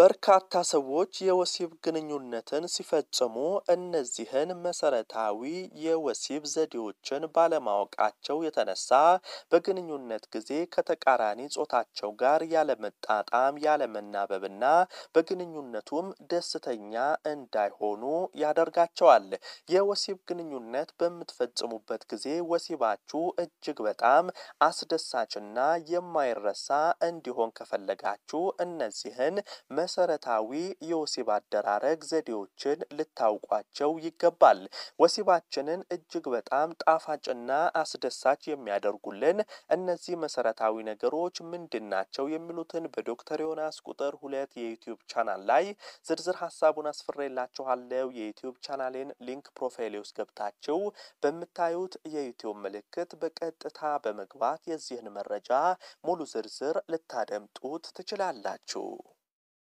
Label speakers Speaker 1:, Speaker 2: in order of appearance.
Speaker 1: በርካታ ሰዎች የወሲብ ግንኙነትን ሲፈጽሙ እነዚህን መሰረታዊ የወሲብ ዘዴዎችን ባለማወቃቸው የተነሳ በግንኙነት ጊዜ ከተቃራኒ ጾታቸው ጋር ያለመጣጣም ያለመናበብና በግንኙነቱም ደስተኛ እንዳይሆኑ ያደርጋቸዋል። የወሲብ ግንኙነት በምትፈጽሙበት ጊዜ ወሲባችሁ እጅግ በጣም አስደሳችና የማይረሳ እንዲሆን ከፈለጋችሁ እነዚህን መሰረታዊ የወሲብ አደራረግ ዘዴዎችን ልታውቋቸው ይገባል። ወሲባችንን እጅግ በጣም ጣፋጭና አስደሳች የሚያደርጉልን እነዚህ መሰረታዊ ነገሮች ምንድን ናቸው የሚሉትን በዶክተር ዮናስ ቁጥር ሁለት የዩቲዩብ ቻናል ላይ ዝርዝር ሀሳቡን አስፍሬላችኋለሁ። የዩቲዩብ ቻናሌን ሊንክ ፕሮፋይል ውስጥ ገብታችሁ በምታዩት የዩቲዩብ ምልክት በቀጥታ በመግባት የዚህን መረጃ ሙሉ ዝርዝር ልታደምጡት ትችላላችሁ።